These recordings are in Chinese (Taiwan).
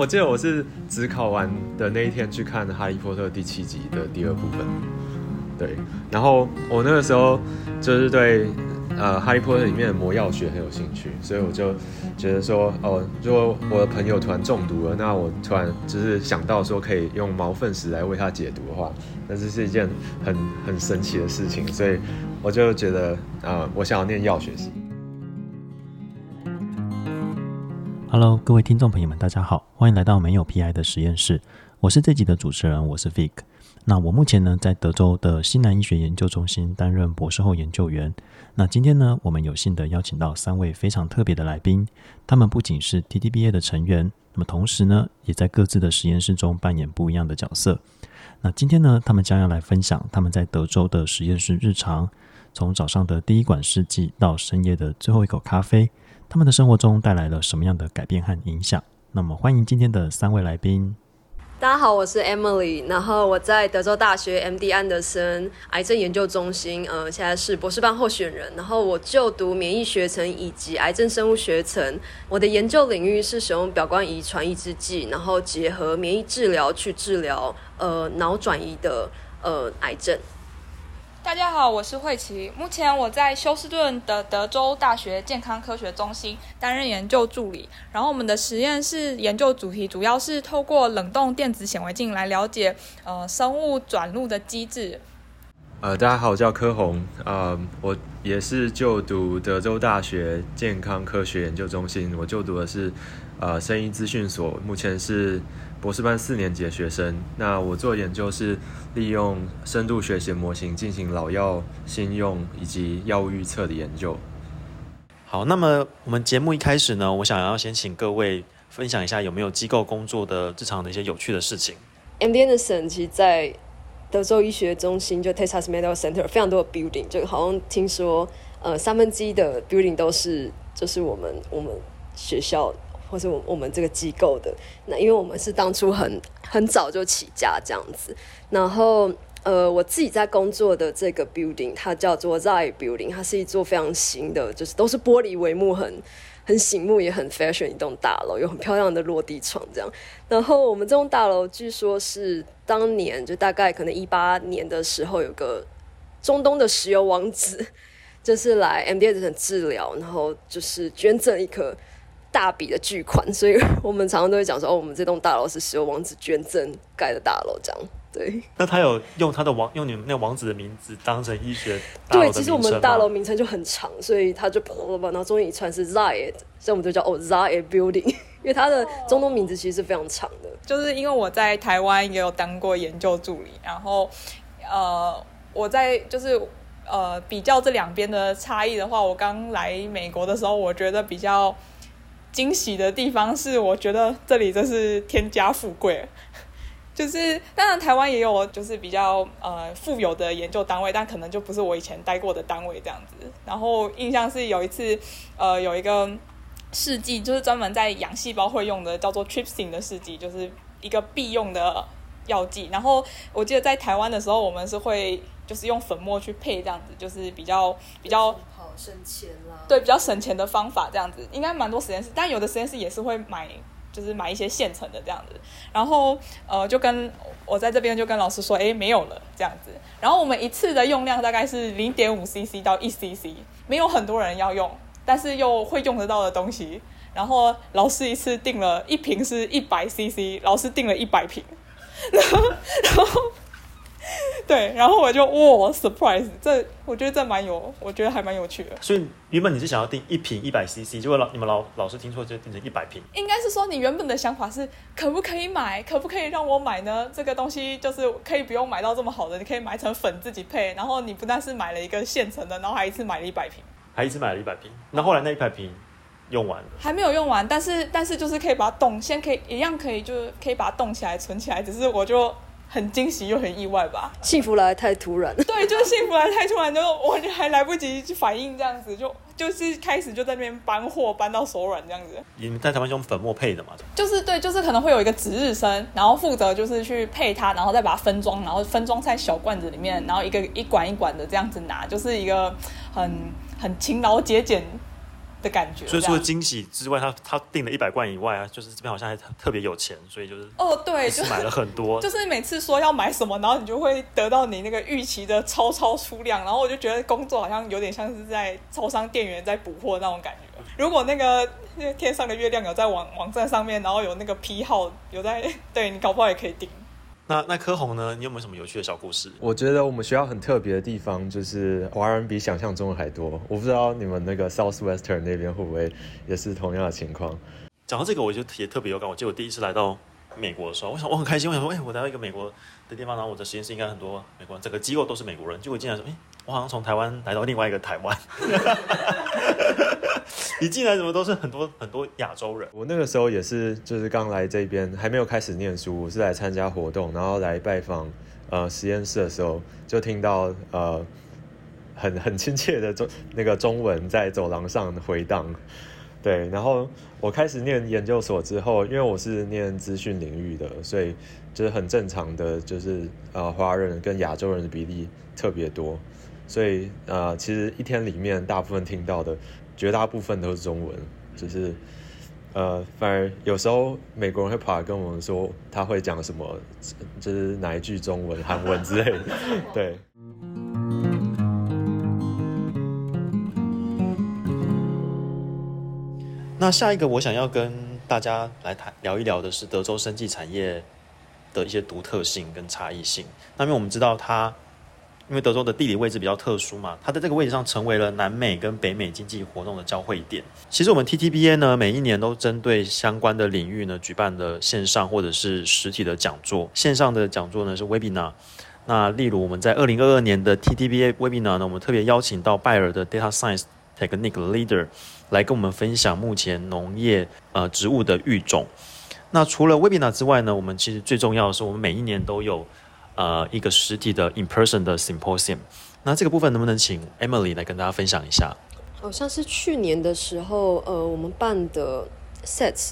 我記得我是指考完的那一天去看《哈利波特》第七集的第二部分，對。然後我那個時候就是對呃《哈利波特》裡面的魔藥學很有興趣，所以我就覺得說，哦，如果我的朋友突然中毒了，那我突然就是想到說可以用毛糞石來為他解毒的話，那這是，是一件很很神奇的事情，所以我就覺得啊、呃，我想要念藥學系。Hello，各位聽眾朋友們，大家好，歡迎來到沒有 PI 的實驗室。我是這集的主持人，我是 Vic。那我目前呢在德州的西南醫學研究中心擔任博士後研究員。那今天呢，我們有幸的邀請到三位非常特別的來賓，他們不僅是 TTBA 的成員，那麼同時呢，也在各自的實驗室中扮演不一樣的角色。那今天呢，他們將要來分享他們在德州的實驗室日常，從早上的第一管試劑到深夜的最後一口咖啡。他們的生活中帶來了什麼樣的改變和影響？那麼，歡迎今天的三位來賓。大家好，我是 Emily，然後我在德州大學 MD 安德森癌症研究中心，呃，現在是博士班候選人，然後我就讀免疫學程以及癌症生物學程。我的研究領域是使用表觀遺傳抑制劑，然後結合免疫治療去治療呃腦轉移的呃癌症。大家好，我是惠棋。目前我在休斯頓的德州大學健康科學中心擔任研究助理。然後，我們的實驗室研究主題主要是透過冷凍電子顯微鏡來了解呃生物轉錄的機制。呃，大家好，我叫科宏，呃，我也是就讀德州大學健康科學研究中心。我就讀的是呃生醫資訊所，目前是。博士班四年級的學生，那我做的研究是利用深度學習模型進行老藥新用以及藥物預測的研究。好，那麼我們節目一開始呢，我想要先請各位分享一下有沒有機構工作的日常的一些有趣的事情。MD Anderson 其實，在德州醫學中心就 Texas Medical Center，非常多的 building，就好像聽說呃三分之一的 building 都是這、就是我們我們學校的。或是我我們這個機構的那，因為我們是當初很很早就起家這樣子，然後呃，我自己在工作的這個 building 它叫做 Zay Building，它是一座非常新的，就是都是玻璃帷幕，很很醒目，也很 fashion 一棟大樓，有很漂亮的落地窗這樣。然後我們這棟大樓據說是當年就大概可能一八年的時候，有個中東的石油王子就是來 MD Anderson 治療，然後就是捐贈一顆。大筆的巨款，所以我們常常都會講說，哦，我們這棟大樓是石油王子捐贈蓋的大樓，這樣對。那他有用他的王，用你們那王子的名字當成醫學大樓？對，其實我們大樓名稱就很長，所以他就啵啵啵啵啵啵，然後中間一串是 Zayed，所以我們就叫哦 Zayed Building，因為他的中東名字其實是非常長的。Oh, 就是因為我在台灣也有當過研究助理，然後呃，我在就是呃比較這兩邊的差異的話，我剛來美國的時候，我覺得比較。驚喜的地方是，我覺得這裡真是天家富貴， 就是當然台灣也有，就是比較呃富有的研究單位，但可能就不是我以前待過的單位這樣子。然後印象是有一次，呃，有一個試劑，就是專門在養細胞會用的，叫做 trypsin 的試劑，就是一個必用的藥劑。然後我記得在台灣的時候，我們是會就是用粉末去配這樣子，就是比較比較省錢啦，啊、對，比較省錢的方法，這樣子應該蠻多實驗室，但有的實驗室也是會買，就是買一些現成的這樣子。然後呃，就跟我在這邊就跟老師說，哎，沒有了這樣子。然後我們一次的用量大概是零點五 cc 到一 cc，沒有很多人要用，但是又會用得到的東西。然後老師一次訂了一瓶是一百 cc，老師訂了一百瓶，然後，然後對，然後我就哇，surprise！這我覺得這蠻有，我覺得還蠻有趣的。所以原本你是想要訂一瓶一百 cc，結果老你們老老是聽錯，就訂成一百瓶。應該是說你原本的想法是，可不可以買，可不可以讓我買呢？這個東西就是可以不用買到這麼好的，你可以買成粉自己配。然後你不但是買了一個現成的，然後還一次買了一百瓶，還一次買了一百瓶。那後，後來那一百瓶用完了，還沒有用完，但是但是就是可以把它凍，先可以一樣可以就是可以把它凍起來存起來，只是我就。很驚喜又很意外吧？幸福來太突然了。 對，就幸福來太突然，就我還來不及去反應，這樣子就就是開始就在那邊搬貨，搬到手軟這樣子。你們在台灣用粉末配的嗎？就是對，就是可能會有一個值日生，然後負責就是去配它，然後再把它分裝，然後分裝在小罐子裡面，然後一個一管一管的這樣子拿，就是一個很很勤勞節儉。的感覺，所以除了驚喜之外，他他訂了一百罐以外啊，就是這邊好像還特別有錢，所以就是哦對，就是買了很多，就是每次說要買什麼，然後你就會得到你那個預期的超超出量，然後我就覺得工作好像有點像是在超商店員在補貨那種感覺。如果那個那天上的月亮有在網網站上面，然後有那個批號有在，對，你搞不好也可以訂。那那科宏呢？你有沒有什麼有趣的小故事？我覺得我們學校很特別的地方就是華人比想象中的還多。我不知道你們那個 Southwestern 那邊會不會也是同樣的情況。講到這個，我就也特別有感。我記得我第一次來到。美國的時候，我想我很開心，我想說哎、欸，我來到一個美國的地方，然後我的實驗室應該很多美國人，整個機構都是美國人。就我進來說，哎、欸，我好像從台灣來到另外一個台灣， 你進來怎麼都是很多很多亞洲人？我那個時候也是，就是剛來這邊還沒有開始念書，我是來參加活動，然後來拜訪呃實驗室的時候，就聽到呃很很親切的中那個中文在走廊上回蕩，對，然後。我開始念研究所之後，因為我是念資訊領域的，所以就是很正常的，就是呃，華人跟亞洲人的比例特別多，所以呃，其實一天裡面大部分聽到的，絕大部分都是中文，就是呃，反而有時候美國人會跑來跟我們說他會講什麼，就是哪一句中文、韓文之類的，對。那下一個我想要跟大家來談聊一聊的是德州生技產業的一些獨特性跟差異性。那因為我們知道它，因為德州的地理位置比較特殊嘛，它在這個位置上成為了南美跟北美經濟活動的交匯點。其實我們 TTBA 呢，每一年都針對相關的領域呢舉辦的線上或者是實體的講座。線上的講座呢是 Webinar。那例如我們在二零二二年的 TTBA Webinar 呢，我們特別邀請到拜爾的 Data Science Technique Leader。來跟我們分享目前農業呃植物的育種。那除了 Webinar 之外呢，我們其實最重要的是，我們每一年都有呃一個實體的 In Person 的 Symposium。那這個部分能不能請 Emily 來跟大家分享一下？好像是去年的時候，呃，我們辦的 Sets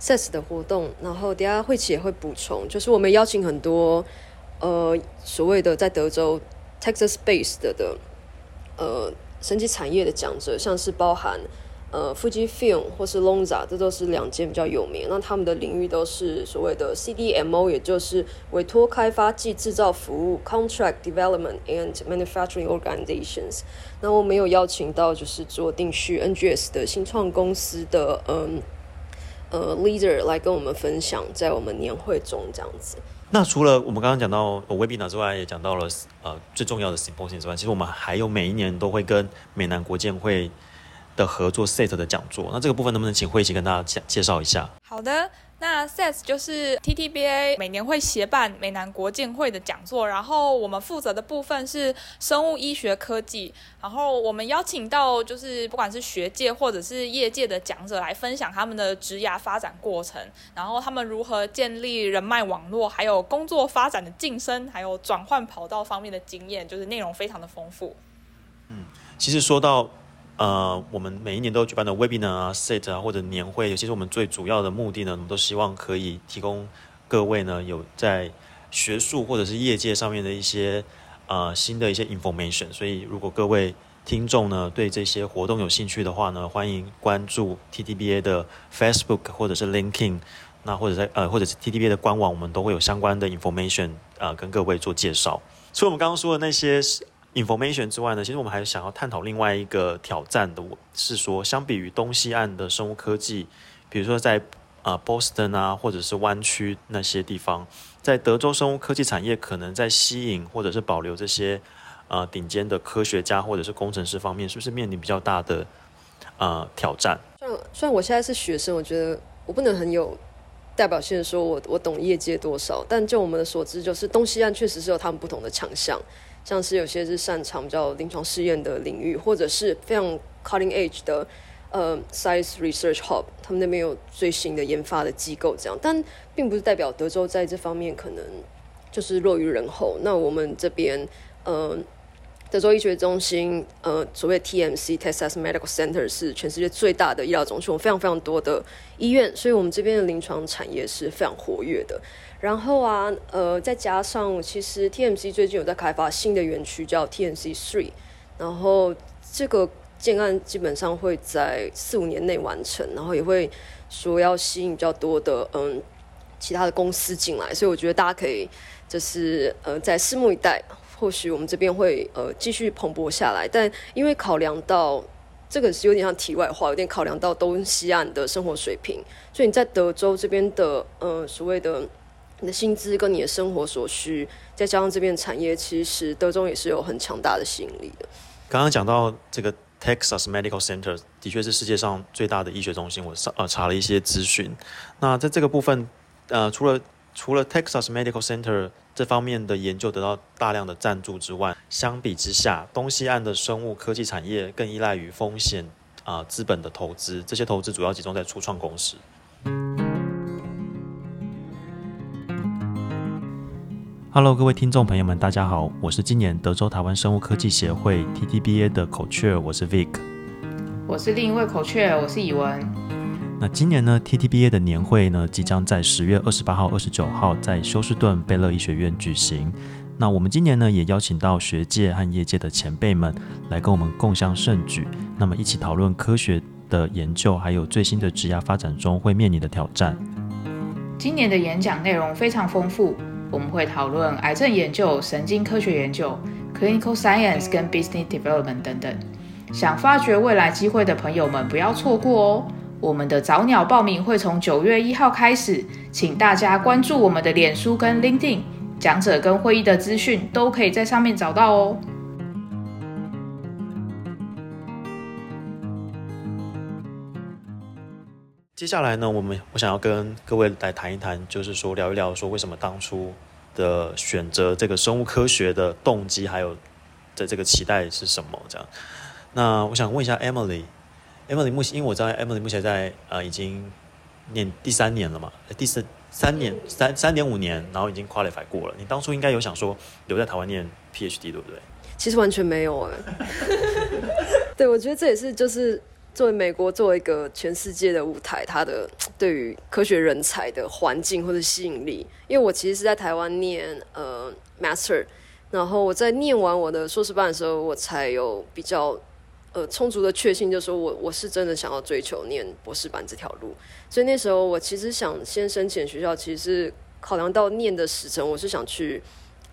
Sets 的活動，然後等下惠琪也會補充，就是我們邀請很多呃所謂的在德州 Texas-based 的的呃生技產業的講者，像是包含。呃，Fujifilm 或是 Lonza，這都是兩間比較有名。那他們的領域都是所謂的 CDMO，也就是委托開發暨製造服務 （Contract Development and Manufacturing Organizations）。那我們有邀請到就是做定序 NGS 的新創公司的嗯呃、呃 leader 來跟我們分享，在我們年會中這樣子。那除了我們剛剛講到 webinar 之外，也講到了呃最重要的 Symposium 之外，其實我們還有每一年都會跟美南國建會。的合作 SET 的講座，那這個部分能不能請惠棋跟大家介介紹一下？好的，那 SET 就是 TTBA 每年會協辦美南國建會的講座，然後我們負責的部分是生物醫學科技，然後我們邀請到就是不管是學界或者是業界的講者來分享他們的職涯發展過程，然後他們如何建立人脈網絡，還有工作發展的晉升，還有轉換跑道方面的經驗，就是內容非常的豐富。嗯，其實說到。呃，我們每一年都舉辦的 Webinar 啊、Set 啊或者年會，尤其是我們最主要的目的呢，我們都希望可以提供各位呢有在學術或者是業界上面的一些呃新的一些 information。所以，如果各位聽眾呢對這些活動有興趣的話呢，歡迎關注 TTBA 的 Facebook 或者是 LinkedIn，那或者在呃或者是 TTBA 的官網，我們都會有相關的 information 啊、呃、跟各位做介紹。除了我們剛剛說的那些 Information 之外呢，其實我們還想要探討另外一個挑戰的，我是說，相比於東西岸的生物科技，比如說在啊、呃、Boston 啊，或者是灣區那些地方，在德州生物科技產業可能在吸引或者是保留這些呃頂尖的科學家或者是工程師方面，是不是面臨比較大的呃挑戰？雖然雖然我現在是學生，我覺得我不能很有代表性的說我我懂業界多少，但就我們的所知，就是東西岸確實是有他們不同的強項。像是有些是擅長比較臨床試驗的領域，或者是非常 cutting edge 的，呃，science research hub，他們那邊有最新的研發的機構這樣，但並不是代表德州在這方面可能就是落於人後。那我們這邊，嗯、呃。德州醫學中心，呃，所謂 TMC（Texas Medical Center） 是全世界最大的醫療中心，有非常非常多的醫院，所以我們這邊的臨床產業是非常活躍的。然後啊，呃，再加上其實 TMC 最近有在開發新的園區，叫 TMC Three，然後這個建案基本上會在四五年內完成，然後也會說要吸引比較多的嗯其他的公司進來，所以我覺得大家可以就是呃在拭目以待。或許我們這邊會呃繼續蓬勃下來，但因為考量到這個是有點像題外話，有點考量到東西岸的生活水平，所以你在德州這邊的呃所謂的你的薪資跟你的生活所需，再加上這邊產業，其實德州也是有很強大的吸引力的。剛剛講到這個 Texas Medical Center，的確是世界上最大的醫學中心，我上呃查了一些資訊。那在這個部分，呃，除了除了 Texas Medical Center。這方面的研究得到大量的贊助之外，相比之下，東西岸的生物科技產業更依賴於風險啊、呃、資本的投資。這些投資主要集中在初創公司。Hello，各位聽眾朋友們，大家好，我是今年德州台灣生物科技協會 （TTBA） 的 co-chair，我是 Vic，我是另一位 co-chair，我是以文。那今年呢，TTBA 的年會呢，即將在十月二十八號、二十九號在休斯頓貝勒醫學院舉行。那我們今年呢，也邀請到學界和業界的前輩們來跟我們共襄盛舉，那麼一起討論科學的研究，還有最新的製藥發展中會面臨的挑戰。今年的演講內容非常豐富，我們會討論癌症研究、神經科學研究、Clinical Science 跟 Business Development 等等。想發掘未來機會的朋友們，不要錯過哦。我們的早鳥報名會從九月一號開始，請大家關注我們的臉書跟 LinkedIn，講者跟會議的資訊都可以在上面找到哦。接下來呢，我們我想要跟各位來談一談，就是說聊一聊說為什麼當初的選擇這個生物科學的動機還有的這個期待是什麼這樣。那我想問一下 Emily。Emily 目前，因為我知道 Emily 目前在呃已經念第三年了嘛，第四三年三三點五年，然後已經 qualify 過了。你當初應該有想說留在台灣念 PhD 對不對？其實完全沒有哎， 對，我覺得這也是就是作為美國作為一個全世界的舞台，它的對於科學人才的環境或者吸引力。因為我其實是在台灣念呃 Master，然後我在念完我的碩士班的時候，我才有比較。呃，充足的確信就是說我我是真的想要追求念博士班這條路，所以那時候我其實想先申請學校，其實是考量到念的時程，我是想去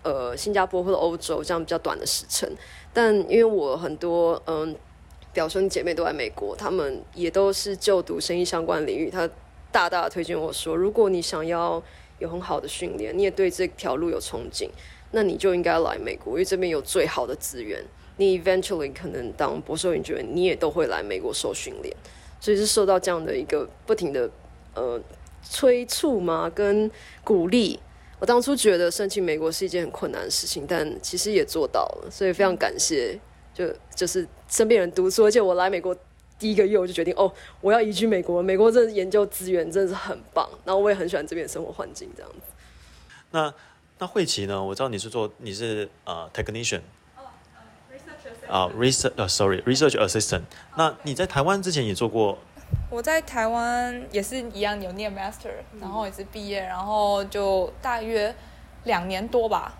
呃新加坡或者歐洲這樣比較短的時程。但因為我很多嗯、呃、表兄姐妹都在美國，他們也都是就讀生醫相關領域，他大大推薦我說，如果你想要有很好的訓練，你也對這條路有憧憬，那你就應該來美國，因為這邊有最好的資源。你 eventually 可能當博士研究員，你，你也都會來美國受訓練，所以是受到這樣的一個不停的呃催促嘛，跟鼓勵。我當初覺得申請美國是一件很困難的事情，但其實也做到了，所以非常感謝，就就是身邊人督促，而且我來美國第一個月我就決定，哦，我要移居美國，美國這研究資源真的是很棒，然後我也很喜歡這邊的生活環境，這樣子。那那惠棋呢？我知道你是做你是呃 technician。Techn 啊、uh，research 呃、uh，sorry，research assistant。Okay. 那你在台灣之前也做過？我在台灣也是一樣有念 master、嗯、然後也是畢業，然後就大約兩年多吧，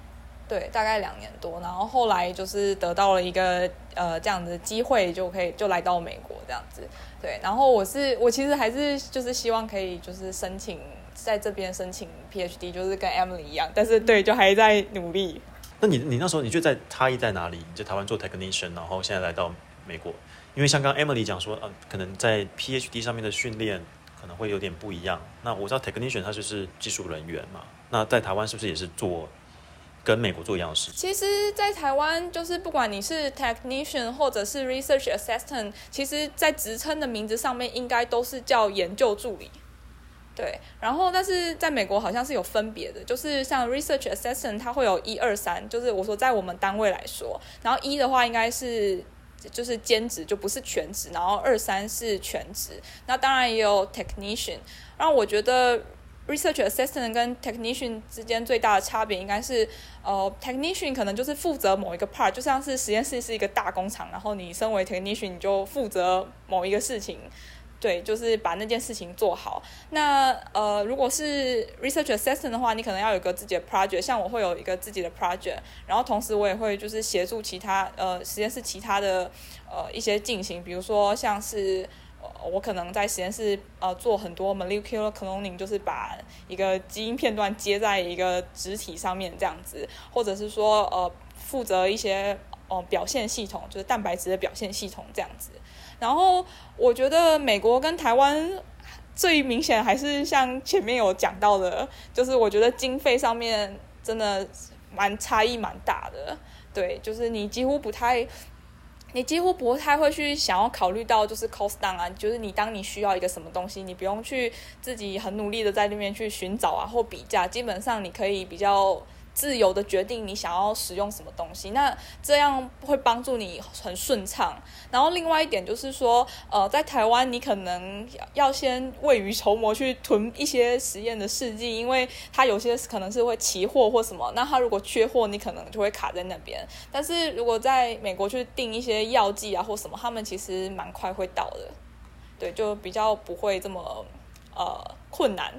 對，大概兩年多。然後後來就是得到了一個呃這樣的機會，就可以就來到美國這樣子，對。然後我是我其實還是就是希望可以就是申請在這邊申請 PhD，就是跟 Emily 一樣，但是對，就還在努力。嗯那你你那時候你覺得差異在哪裡？你在台灣做 technician，然後現在來到美國，因為像剛 Emily 講說，呃，可能在 PhD 上面的訓練可能會有點不一樣。那我知道 technician 它就是技術人員嘛，那在台灣是不是也是做跟美國做一樣的事？其實，在台灣就是不管你是 technician 或者是 research assistant，其實，在職稱的名字上面應該都是叫研究助理。對，然後但是在美國好像是有分別的，就是像 research assistant，它會有一二三，就是我說在我們單位來說，然後一的話應該是就是兼職，就不是全職，然後二三是全職。那當然也有 technician，然後我覺得 research assistant 跟 technician 之間最大的差別應該是，呃，technician 可能就是負責某一個 part，就像是實驗室是一個大工廠，然後你身為 technician 你就負責某一個事情。對，就是把那件事情做好。那呃，如果是 research assistant 的話，你可能要有個自己的 project。像我會有一個自己的 project，然後同時我也會就是協助其他呃實驗室其他的呃一些進行。比如說像是呃我可能在實驗室呃做很多 molecular cloning，就是把一個基因片段接在一個載體上面這樣子，或者是說呃負責一些呃表現系統，就是蛋白質的表現系統這樣子。然後我覺得美國跟台灣最明顯還是像前面有講到的，就是我覺得經費上面真的蠻差異蠻大的。對，就是你幾乎不太，你幾乎不太會去想要考慮到就是 cost down 啊，就是你當你需要一個什麼東西，你不用去自己很努力的在那邊去尋找啊或比價，基本上你可以比較。自由的決定你想要使用什麼東西，那這樣會幫助你很順暢。然後另外一點就是說，呃，在台灣你可能要先未雨綢繆去囤一些實驗的試劑，因為它有些可能是會期貨或什麼。那它如果缺貨，你可能就會卡在那邊。但是如果在美國去訂一些藥劑啊或什麼，他們其實蠻快會到的，對，就比較不會這麼呃困難。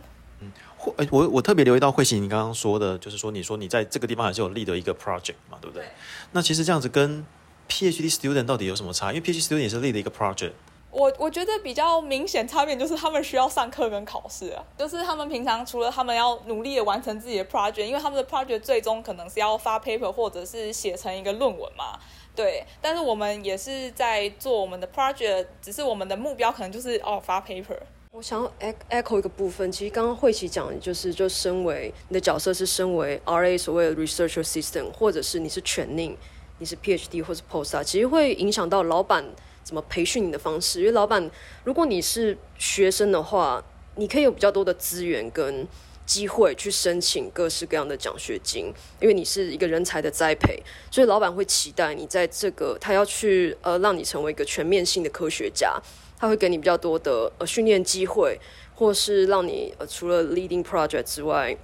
欸、我我特別留意到惠棋，你剛剛說的，就是說你說你在這個地方還是有立的一個 project 嘛，對不對？對，那其實這樣子跟 PhD student 到底有什麼差？因為 PhD student 也是立了一個 project。我我覺得比較明顯差別就是他們需要上課跟考試啊，就是他們平常除了他們要努力的完成自己的 project，因為他們的 project 最終可能是要發 paper 或者是寫成一個論文嘛，對。但是我們也是在做我們的 project，只是我們的目標可能就是哦發 paper。我想要 echo 一個部分，其實剛剛惠棋講的就是，就身為你的角色是身為 R A 所謂的 research assistant，或者是你是 trainee，你是 P H D 或是 postdoc, 其實會影響到老板怎麼培訓你的方式。因為老板，如果你是學生的話，你可以有比較多的資源跟機會去申請各式各樣的獎學金，因為你是一個人才的栽培，所以老板會期待你在這個他要去呃讓你成為一個全面性的科學家。他會給你比較多的呃訓練機會，或是讓你、呃、除了 leading project 之外，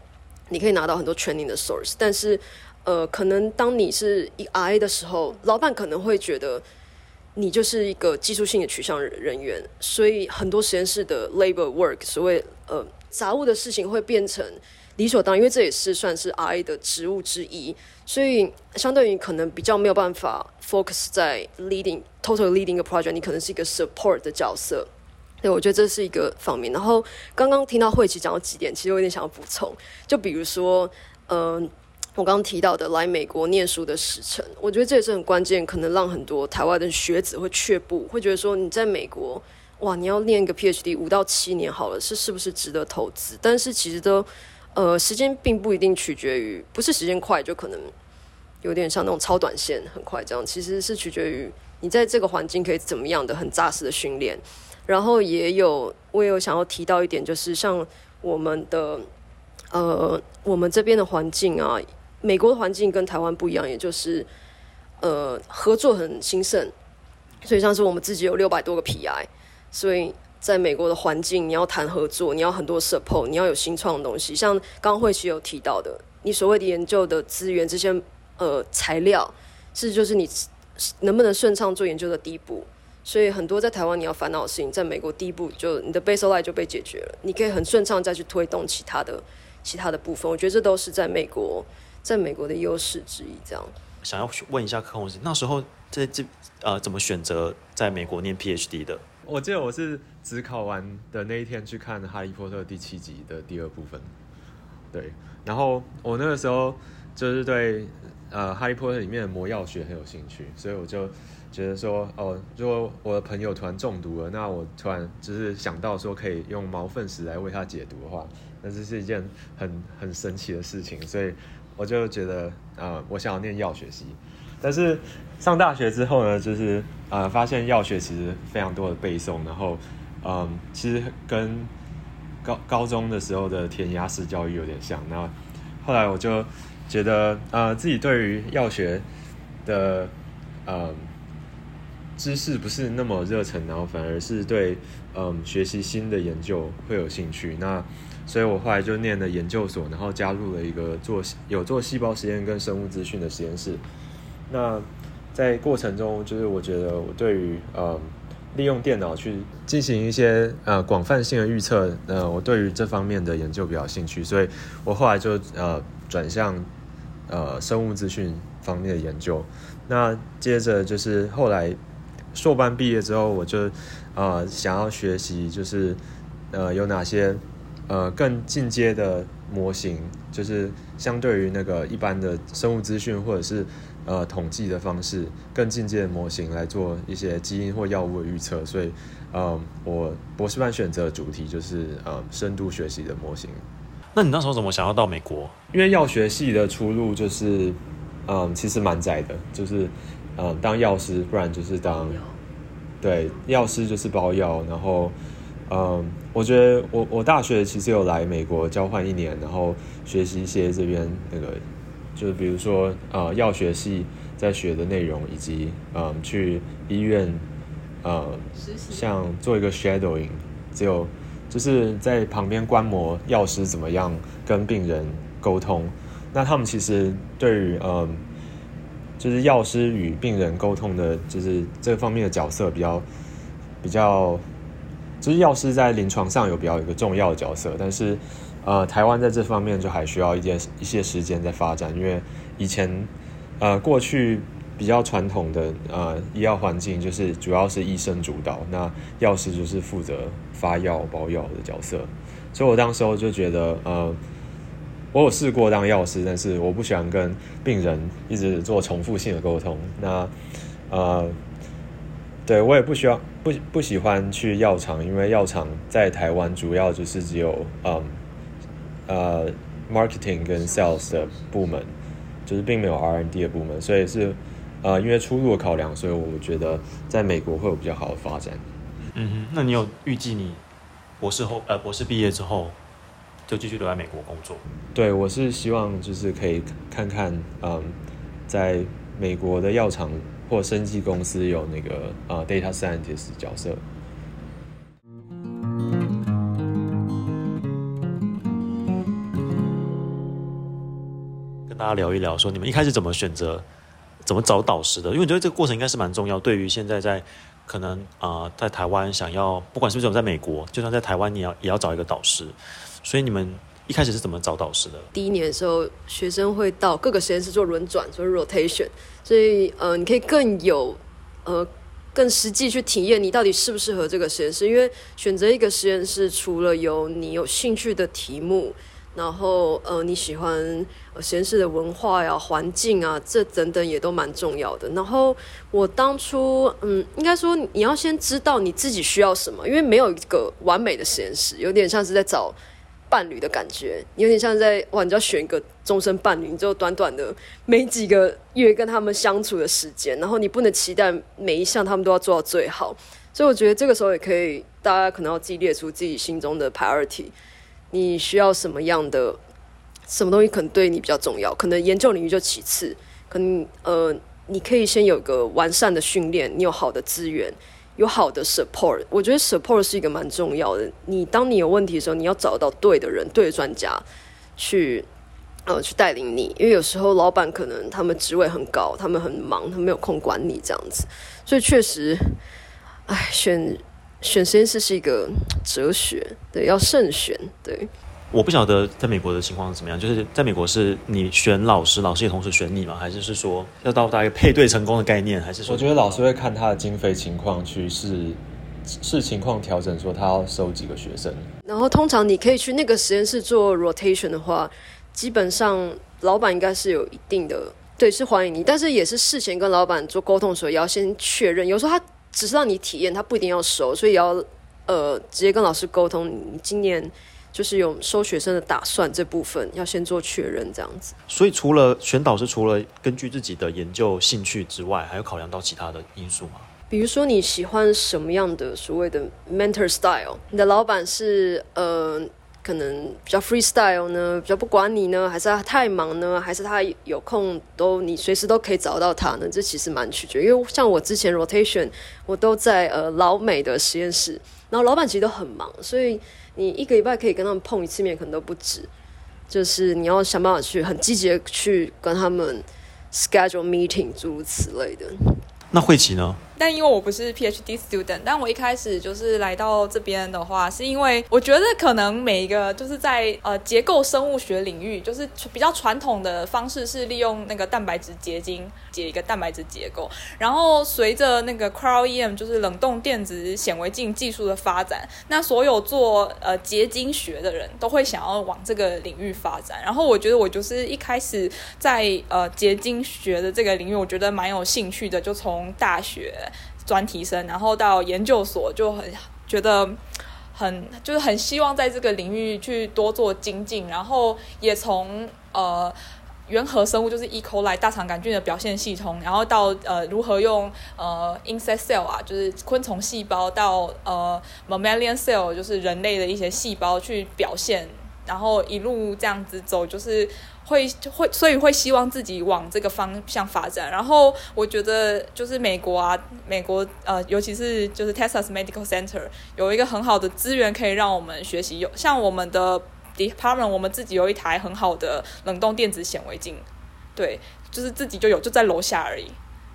你可以拿到很多全年的 source。但是，呃，可能當你是一 i 的時候，老闆可能會覺得你就是一個技術性的取向人員，所以很多實驗室的 labor work 所謂呃雜物的事情會變成。理所當然，因為這也是算是 RA 的職務之一，所以相對於可能比較沒有辦法 focus 在 leading total leading a project，你可能是一個 support 的角色。對，我覺得這是一個方面。然後剛剛聽到惠棋講到幾點，其實我有點想要補充，就比如說，嗯、呃，我剛剛提到的來美國念書的時程，我覺得這也是很關鍵，可能讓很多台灣的學子會卻步，會覺得說你在美國，哇，你要念一個 PhD 五到七年好了，是是不是值得投資？但是其實都。呃，時間並不一定取決於，不是時間快就可能有點像那種超短線很快這樣，其實是取決於你在這個環境可以怎麼樣的很扎實的訓練。然後也有，我也有想要提到一點，就是像我們的呃，我們這邊的環境啊，美國的環境跟台灣不一樣，也就是呃，合作很興盛，所以像是我們自己有六百多個 PI，所以。在美國的環境，你要談合作，你要很多 support，你要有新創的東西。像剛剛惠棋有提到的，你所謂的研究的資源，這些呃材料，是就是你能不能順暢做研究的第一步。所以很多在台灣你要煩惱的事情，在美國第一步就你的 baseline 就被解決了，你可以很順暢再去推動其他的其他的部分。我覺得這都是在美國在美國的優勢之一。這樣，想要問一下科宏那時候在這呃怎麼選擇在美國念 PhD 的？我記得我是指考完的那一天去看《哈利波特》第七集的第二部分，對，然後我那個時候就是對呃《哈利波特》裡面的魔藥學很有興趣，所以我就覺得說，哦，如果我的朋友突然中毒了，那我突然就是想到說可以用毛糞石來為他解毒的話，那這是一件很很神奇的事情，所以我就覺得，啊、呃，我想要念藥學系。但是上大學之後呢，就是呃發現藥學其實非常多的背誦，然後嗯，其實跟高高中的時候的填鴨式教育有點像。那後來我就覺得呃自己對於藥學的嗯、呃、知識不是那麼熱忱，然後反而是對嗯學習新的研究會有興趣。那所以，我後來就念了研究所，然後加入了一個做有做細胞實驗跟生物資訊的實驗室。那在過程中，就是我覺得我對於呃利用電腦去進行一些呃廣泛性的預測，呃，我對於這方面的研究比較興趣，所以我後來就呃轉向呃生物資訊方面的研究。那接着就是後來碩班畢業之後，我就，呃，想要學習就是呃有哪些呃更進階的模型，就是相對於那個一般的生物資訊或者是。呃，統計的方式，更進階的模型來做一些基因或藥物的預測，所以，嗯、呃，我博士班選擇的主題就是呃深度學習的模型。那你那時候怎麼想要到美國？因為藥學系的出路就是，嗯，其實蠻窄的，就是嗯當藥師，不然就是當對藥師就是包藥。然後，嗯，我覺得我我大學其實有來美國交換一年，然後學習一些這邊那個。就是比如說，呃，藥學系在學的內容，以及嗯、呃，去醫院，呃，是是像做一個 shadowing，只有就是在旁邊觀摩藥師怎麼樣跟病人溝通。那他們其實對於呃，就是藥師與病人溝通的，就是這方面的角色比較比較，就是藥師在臨床上有比較一個重要的角色，但是。呃，台灣在這方面就還需要一些一些時間在發展，因為以前呃過去比較傳統的呃醫藥環境就是主要是醫生主導，那藥師就是負責發藥包藥的角色，所以我當時候就覺得呃我有試過當藥師，但是我不喜歡跟病人一直做重複性的溝通，那呃對，我也不需要不不喜歡去藥廠，因為藥廠在台灣主要就是只有嗯。呃呃、uh,，marketing 跟 sales 的部門就是並沒有 R&D 的部門，所以是呃，uh, 因為出入考量，所以我覺得在美國會有比較好的發展。嗯哼，那你有預計你博士後呃博士畢業之後就繼續留在美國工作？對，我是希望就是可以看看嗯，um, 在美國的藥廠或生技公司有那個呃、uh, data scientist 角色。跟大家聊一聊，說你們一開始怎麼選擇、怎麼找導師的？因為我覺得這個過程應該是蠻重要。對於現在在可能啊、呃，在台灣想要，不管是不是在美國，就算在台灣，你要也要找一個導師。所以你們一開始是怎麼找導師的？第一年的時候，學生會到各個實驗室做輪轉，做 rotation，所以呃，你可以更有呃更實際去體驗你到底適不適合這個實驗室。因為選擇一個實驗室，除了有你有興趣的題目。然後，呃，你喜歡實驗室的文化呀、啊、環境啊，這等等也都蠻重要的。然後，我當初，嗯，應該說你要先知道你自己需要什麼，因為沒有一個完美的實驗室，有點像是在找伴侶的感覺，有點像是在，哇，你就要選一個終身伴侶，你就短短的沒幾個月跟他們相處的時間，然後你不能期待每一項他們都要做到最好。所以我覺得這個時候也可以，大家可能要自己列出自己心中的 priority。你需要什麼樣的什麼東西可能對你比較重要？可能研究領域就其次，可能呃，你可以先有個完善的訓練，你有好的資源，有好的 support。我覺得 support 是一個蠻重要的。你當你有問題的時候，你要找到對的人、對的專家去呃去帶領你。因為有時候老闆可能他們職位很高，他們很忙，他們沒有空管你這樣子，所以確實，唉，選。選實驗室是一個哲學，對，要慎選。對，我不曉得在美國的情況是怎麼樣。就是在美國，是你選老師，老師也同時選你嗎？還是是說要到達一個配對成功的概念？還是說，我覺得老師會看他的經費情況去是，是是情況調整，說他要收幾個學生。然後，通常你可以去那個實驗室做 rotation 的話，基本上老闆應該是有一定的對是歡迎你，但是也是事前跟老闆做溝通，的時候也要先確認。有時候他。只是讓你體驗，他不一定要收。所以要呃直接跟老師溝通。你今年就是有收學生的打算，這部分要先做確認，這樣子。所以除了選導師，除了根據自己的研究興趣之外，還有考量到其他的因素嗎？比如說你喜歡什麼樣的所謂的 mentor style？你的老闆是呃。可能比較 freestyle 呢，比較不管你呢，還是他太忙呢，還是他有空都你隨時都可以找到他呢，這其實蠻取決。因為像我之前 rotation，我都在呃老美的實驗室，然後老板其實都很忙，所以你一個禮拜可以跟他們碰一次面可能都不止。就是你要想辦法去很積極的去跟他們 schedule meeting 諸如此類的。那惠棋呢？但因為我不是 PhD student，但我一開始就是來到這邊的話，是因為我覺得可能每一個就是在呃結構生物學領域，就是比較傳統的方式是利用那個蛋白質結晶解一個蛋白質結構，然後隨着那個 cryo EM 就是冷凍電子顯微鏡技術的發展，那所有做呃結晶學的人都會想要往這個領域發展。然後我覺得我就是一開始在呃結晶學的這個領域，我覺得蠻有興趣的，就從大學。專題生，然後到研究所就很覺得很，很就是很希望在這個領域去多做精進，然後也從呃原核生物，就是 E.coli 大腸桿菌的表現系統，然後到呃如何用呃 insect cell 啊，就是昆蟲細胞到呃 mammalian cell 就是人類的一些細胞去表現，然後一路這樣子走就是。會會，所以會希望自己往這個方向發展。然後我覺得，就是美國啊，美國呃，尤其是就是 Texas Medical Center 有一個很好的資源可以讓我們學習。有像我們的 Department，我們自己有一台很好的冷凍電子顯微鏡，對，就是自己就有，就在樓下而已。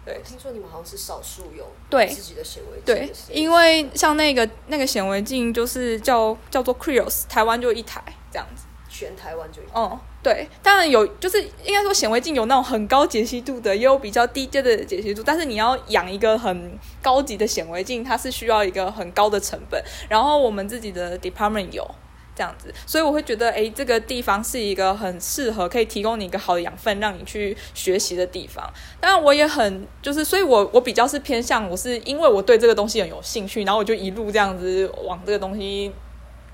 對，我聽說你們好像是少數有對自己的顯微鏡，對，對，因為像那個那個顯微鏡就是叫叫做 Krios，台灣就一台這樣子，全台灣就有哦。嗯對，當然有，就是應該說，顯微鏡有那種很高解析度的，也有比較低階的解析度。但是你要養一個很高級的顯微鏡，它是需要一個很高的成本。然後我們自己的 department 有這樣子，所以我會覺得，哎，這個地方是一個很適合可以提供你一個好的養分，讓你去學習的地方。當然，我也很就是，所以我我比較是偏向，我是因為我對這個東西很有興趣，然後我就一路這樣子往這個東西。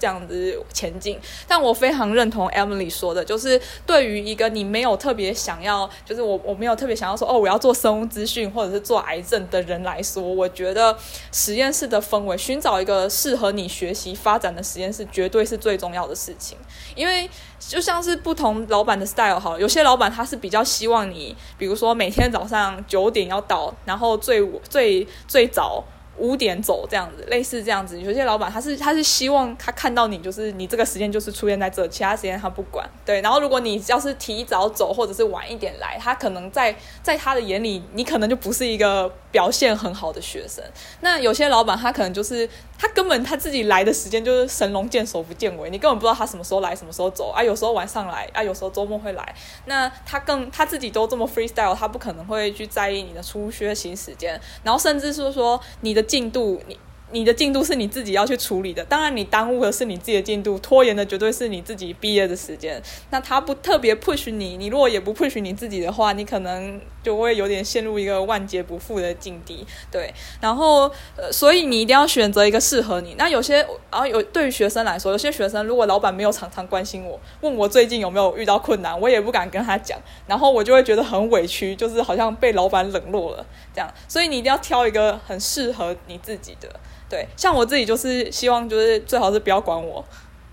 這樣子前進，但我非常認同 Emily 說的，就是對於一個你沒有特別想要，就是我我沒有特別想要說，哦，我要做生物資訊或者是做癌症的人來說，我覺得實驗室的氛圍，尋找一個適合你學習發展的實驗室，絕對是最重要的事情。因為就像是不同老闆的 style，好，有些老闆他是比較希望你，比如說每天早上九點要到，然後最最最早五點走這樣子，類似這樣子。有些老板他是他是希望他看到你，就是你這個時間就是出現在這，其他時間他不管。對，然後如果你要是提早走或者是晚一點來，他可能在在他的眼裡你可能就不是一個。表現很好的學生，那有些老板他可能就是他根本他自己來的時間就是神龍見首不見尾，你根本不知道他什麼時候來，什麼時候走啊。有時候晚上來啊，有時候周末會來。那他更他自己都這麼 freestyle，他不可能會去在意你的出缺勤時間，然後甚至是說你的進度你。你的進度是你自己要去處理的，當然你耽誤的是你自己的進度，拖延的絕對是你自己畢業的時間。那他不特別 push 你，你如果也不 push 你自己的話，你可能就會有點陷入一個萬劫不復的境地。對，然後呃，所以你一定要選擇一個適合你。那有些，然後，啊，有對於學生來說，有些學生如果老板沒有常常關心我，問我最近有沒有遇到困難，我也不敢跟他講，然後我就會覺得很委屈，就是好像被老板冷落了這樣。所以你一定要挑一個很適合你自己的。對，像我自己就是希望，就是最好是不要管我。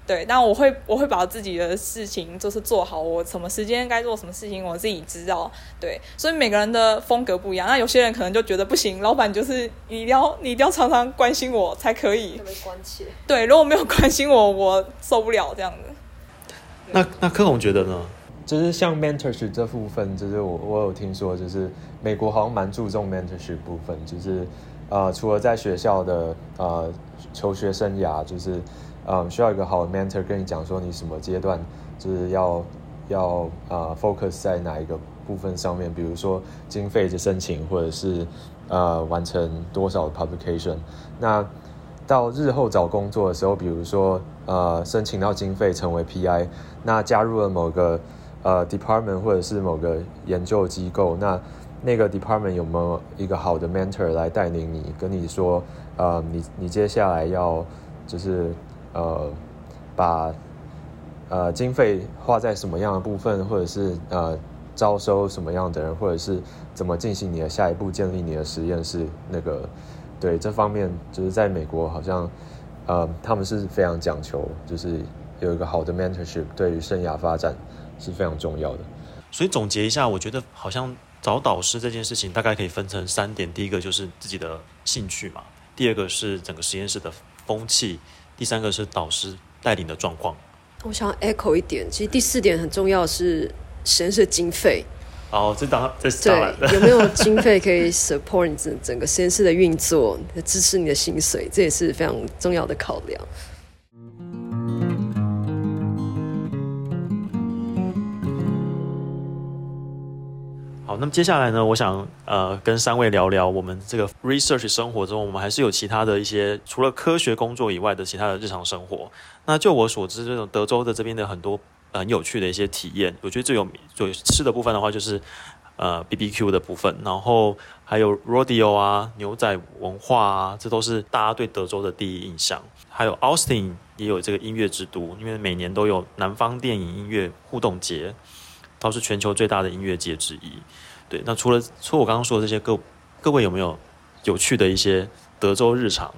對，但我會我會把自己的事情就是做好，我什麼時間該做什麼事情，我自己知道。對，所以每個人的風格不一樣。那有些人可能就覺得不行，老闆就是你一定要你一定要常常關心我才可以。怎麼關切？對，如果沒有關心我，我受不了這樣子。那那科宏覺得呢？就是像 mentorship 這部分，就是我我有聽說，就是美國好像蠻注重 mentorship 部分，就是。呃，除了在學校的呃求學生涯，就是，呃，需要一個好的 mentor 跟你講說你什麼階段就是要要呃 focus 在哪一個部分上面，比如說經費的申請或者是呃完成多少的 publication。那到日後找工作的時候，比如說呃申請到經費成為 PI，那加入了某個呃 department 或者是某個研究機構，那。那個 department 有沒有一個好的 mentor 來帶領你，跟你說，呃，你你接下來要就是呃，把呃經費花在什麼樣的部分，或者是呃招收什麼樣的人，或者是怎麼進行你的下一步建立你的實驗室？那個，對，這方面，就是在美國好像，呃，他們是非常講求，就是有一個好的 mentorship 對於生涯發展是非常重要的。所以總結一下，我覺得好像。找導師這件事情大概可以分成三點，第一個就是自己的興趣嘛，第二個是整個實驗室的風氣，第三個是導師帶領的狀況。我想 echo 一點，其實第四點很重要是實驗室的經費。哦，這當這是當然的。對，有沒有經費可以 support 整整個實驗室的運作，支持你的薪水，這也是非常重要的考量。好，那麼接下來呢，我想呃跟三位聊聊我們這個 research 生活中，我們還是有其他的一些除了科學工作以外的其他的日常生活。那就我所知，這種德州的這邊的很多很有趣的一些體驗，我覺得最有最有吃的部分的話就是呃 BBQ 的部分，然後還有 Rodeo 啊，牛仔文化啊，這都是大家對德州的第一印象。還有 Austin 也有這個音樂之都，因為每年都有南方電影音樂互動節。都是全球最大的音樂節之一，對。那除了除了我剛剛說的這些各各位有沒有有趣的一些德州日常？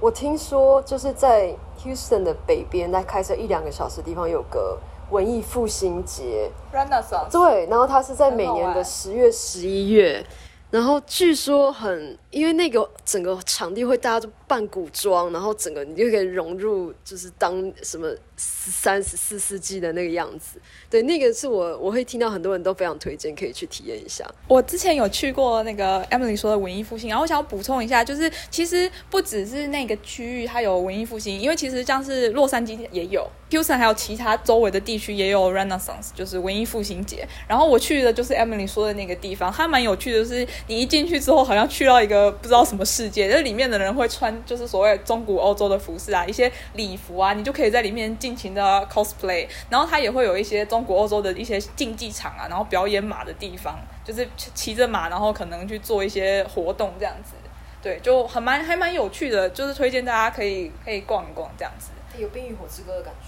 我聽說就是在 Houston 的北邊，在開車一兩個小時的地方有個文藝復興節 Renaissance. 對，然後它是在每年的十月、十一月，然後據說很。因為那個整個場地會大家都扮古裝，然後整個你就可以融入，就是當什麼十三十四世紀的那個樣子。對，那個是我我會聽到很多人都非常推薦，可以去體驗一下。我之前有去過那個 Emily 說的文藝復興，然後我想要補充一下，就是其實不只是那個區域，它有文藝復興，因為其實像是洛杉磯也有，Houston 還有其他周圍的地區也有 Renaissance，就是文藝復興節。然後我去的就是 Emily 說的那個地方，還蠻有趣的，就是你一進去之後，好像去到一個。呃，不知道什麼世界，就裡面的人會穿就是所謂中古歐洲的服飾啊，一些禮服啊，你就可以在裡面盡情的 cosplay。然後它也會有一些中古歐洲的一些競技場啊，然後表演馬的地方，就是騎着馬，然後可能去做一些活動這樣子。對，就很蠻還蠻有趣的，就是推薦大家可以可以逛一逛這樣子。它有冰與火之歌的感覺。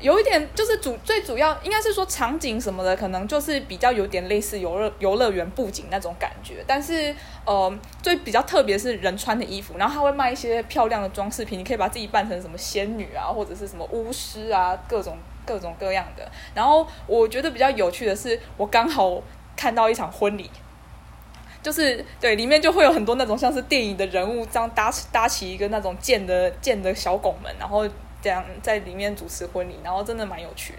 有一點就是主最主要應該是說場景什麼的，可能就是比較有點類似遊樂遊樂園布景那種感覺。但是，呃，最比較特別是人穿的衣服，然後他會賣一些漂亮的裝飾品，你可以把自己扮成什麼仙女啊，或者是什麼巫師啊，各種各種各樣的。然後我覺得比較有趣的是，我剛好看到一場婚禮，就是對裡面就會有很多那種像是電影的人物，這樣搭搭起一個那種建的建的小拱門，然後。在在裡面主持婚禮，然後真的蠻有趣的。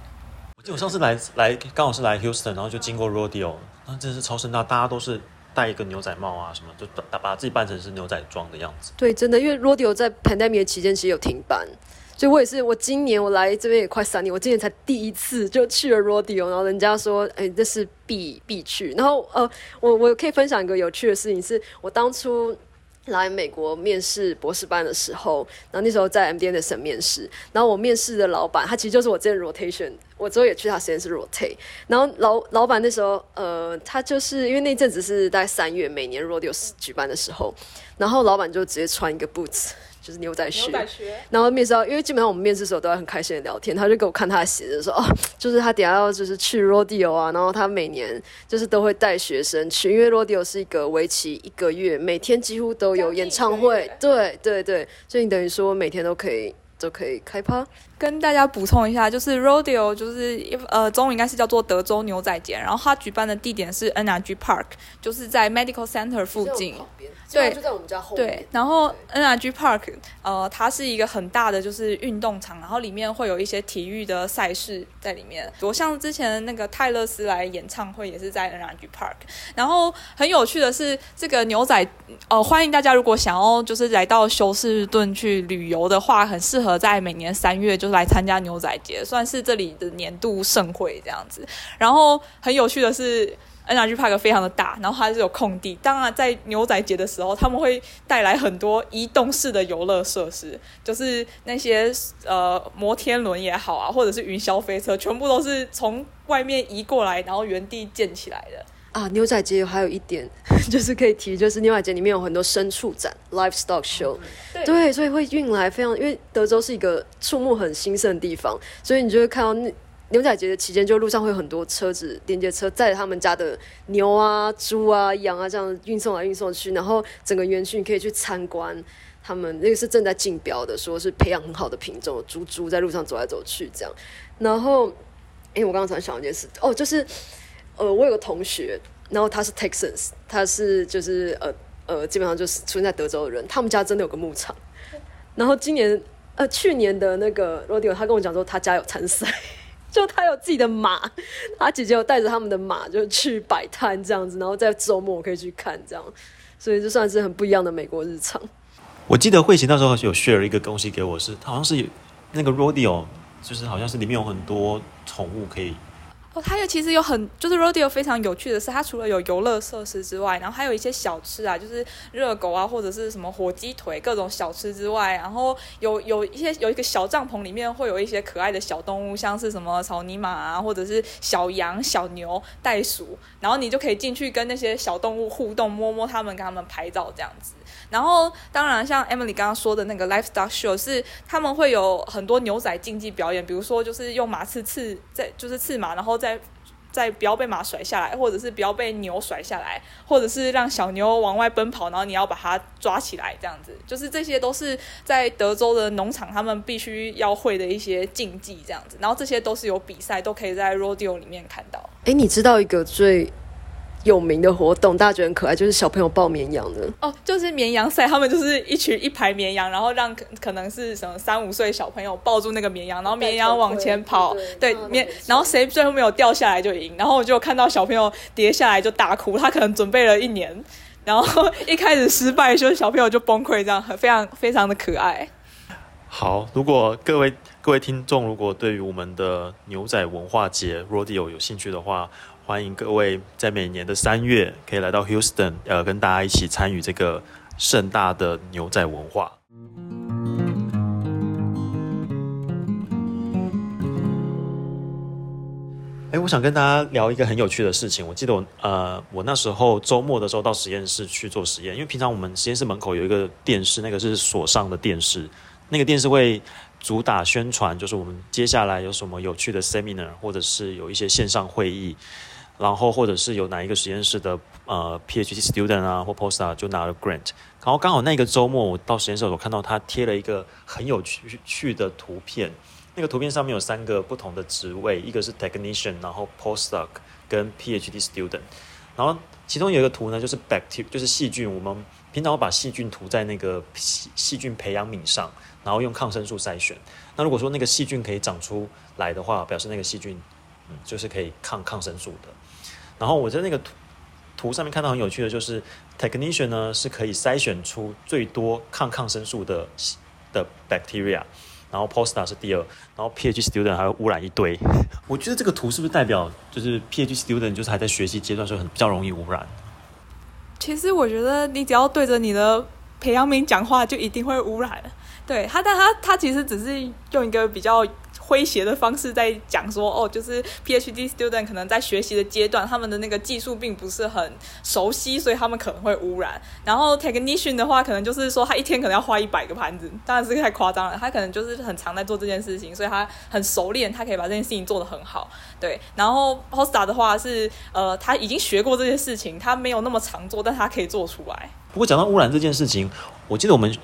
我記得我上次來來剛好是來 Houston，然後就經過 Rodeo，那真的是超盛大，大家都是戴一個牛仔帽啊，什麼就把把自己扮成是牛仔裝的樣子。對，真的，因為 Rodeo 在 pandemic 的期間其實有停辦，所以我也是我今年我來這邊也快三年，我今年才第一次就去了 Rodeo，然後人家說哎、欸、這是必必去，然後呃我我可以分享一個有趣的事情，是我當初。來美國面試博士班的時候，然後那時候在 MD Anderson 面試，然後我面試的老板，他其實就是我之前 rotation，我之後也去他實驗室 rotate，然後老老板那時候，呃，他就是因為那陣子是在三月，每年 Rodeo 舉辦的時候，然後老板就直接穿一個 boots。就是牛仔靴，牛仔靴，然後面試到，因為基本上我們面試的時候都在很開心的聊天。他就給我看他的鞋子，說：“哦，就是他等下要就是去 Rodeo 啊，然後他每年就是都會帶學生去，因為 Rodeo 是一個為期一個月，每天幾乎都有演唱會。對對對，對，所以你等於說每天都可以都可以開趴。”跟大家補充一下，就是 rodeo，就是呃，中文應該是叫做德州牛仔節，然後它舉辦的地點是 NRG Park，就是在 Medical Center 附近，對，就在我們家後面。對，對，然後 NRG Park，呃，它是一個很大的就是運動場，然後裡面會有一些體育的賽事在裡面。我像之前那個泰勒斯來演唱會也是在 NRG Park，然後很有趣的是這個牛仔，呃，歡迎大家如果想要就是來到休斯頓去旅遊的話，很適合在每年三月就是。來參加牛仔節，算是這裡的年度盛會這樣子。然後很有趣的是，NRG Park 非常的大，然後它是有空地。當然，在牛仔節的時候，他們會帶來很多移動式的遊樂設施，就是那些呃摩天輪也好啊，或者是雲霄飛車，全部都是從外面移過來，然後原地建起來的。啊，牛仔節還有一點 就是可以提，就是牛仔節裡面有很多牲畜展 （livestock show），、嗯、對，對，所以會運來非常，因為德州是一個畜牧，很興盛的地方，所以你就會看到牛仔節的期間，就路上會有很多車子連接車載他們家的牛啊、豬啊、羊啊這樣運送來運送去，然後整個園區你可以去參觀他們那個是正在競標的，說是培養很好的品種豬豬在路上走來走去這樣，然後因為、欸、我剛剛才想的一件事哦、喔，就是。呃，我有個同學，然後他是 Texas，他是就是呃呃，基本上就是出生在德州的人。他們家真的有個牧場。然後今年呃去年的那個 Rodeo，他跟我講說他家有參賽，就他有自己的馬，他姐姐有帶着他們的馬就去擺攤這樣子，然後在周末可以去看這樣，所以就算是很不一樣的美國日常。我記得惠棋那時候有 share 了一個東西給我是，是好像是有那個 Rodeo，就是好像是裡面有很多寵物可以。哦，它也其實有很，就是 Rodeo 非常有趣的是，它除了有遊樂設施之外，然後還有一些小吃啊，就是熱狗啊或者是什麼火雞腿各種小吃之外，然後有有一些有一個小帳篷，裡面會有一些可愛的小動物，像是什麼草泥馬啊或者是小羊、小牛、袋鼠，然後你就可以進去跟那些小動物互動，摸摸它們，跟它們拍照這樣子。然後，當然，像 Emily 剛剛說的那個 Livestock Show 是他們會有很多牛仔競技表演，比如說就是用馬刺刺在，就是刺馬，然後再再不要被馬甩下來，或者是不要被牛甩下來，或者是讓小牛往外奔跑，然後你要把它抓起來，這樣子，就是這些都是在德州的農場他們必須要會的一些競技這樣子，然後這些都是有比賽，都可以在 Rodeo 裡面看到。誒，你知道一個最有名的活動，大家覺得很可愛，就是小朋友抱綿羊的哦，就是綿羊賽，他們就是一群一排綿羊，然後讓可能是什麼三五歲小朋友抱住那個綿羊，然後綿羊往前跑，對綿對前，然後誰最後沒有掉下來就贏，然後我就看到小朋友跌下來就大哭，他可能準備了一年，然後一開始失敗，所以 小朋友就崩潰，這樣非常非常的可愛。好，如果各位各位聽眾如果對於我們的牛仔文化節 Rodeo 有興趣的話。歡迎各位在每年的三月可以來到 Houston，呃，跟大家一起參與這個盛大的牛仔文化。哎，我想跟大家聊一個很有趣的事情。我記得我呃，我那時候週末的時候到實驗室去做實驗，因為平常我們實驗室門口有一個電視，那個是所上的電視，那個電視會主打宣傳，就是我們接下來有什麼有趣的 seminar，或者是有一些線上會議。然後，或者是有哪一個實驗室的呃 PhD student 啊，或 Postdoc 就拿了 Grant。然後剛好那個周末我到實驗室，我看到他貼了一個很有趣趣的圖片。那個圖片上面有三個不同的職位，一個是 Technician，然後 Postdoc 跟 PhD student。然後其中有一個圖呢，就是 Bacteria，就是細菌。我們平常會把細菌塗在那個細細菌培養皿上，然後用抗生素篩選。那如果說那個細菌可以長出來的話，表示那個細菌嗯就是可以抗抗生素的。然後我在那個圖上面看到很有趣的就是，technician 呢是可以篩選出最多抗抗生素的的 bacteria，然後 postdoc 是第二，然後 PhD student 還會污染一堆。我覺得這個圖是不是代表就是 PhD student 就是還在學習階段時候很比較容易污染？其實我覺得你只要對着你的培養皿講話就一定會污染，對它，但它它其實只是用一個比較。詼諧的方式在講說，哦，就是 PhD student 可能在學習的階段，他們的那個技術並不是很熟悉，所以他們可能會污染。然後 technician 的話，可能就是說他一天可能要花一百個盤子，當然是太誇張了。他可能就是很常在做這件事情，所以他很熟練，他可以把這件事情做得很好。對，然後 postdoc 的話是，呃，他已經學過這些事情，他沒有那麼常做，但他可以做出來。不過講到污染這件事情，我記得我們